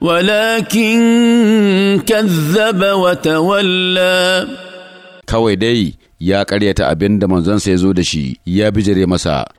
Walakin kazzaba wa tawalla kawai dai ya ƙaryata abin da manzonsa ya zo da shi ya bijire masa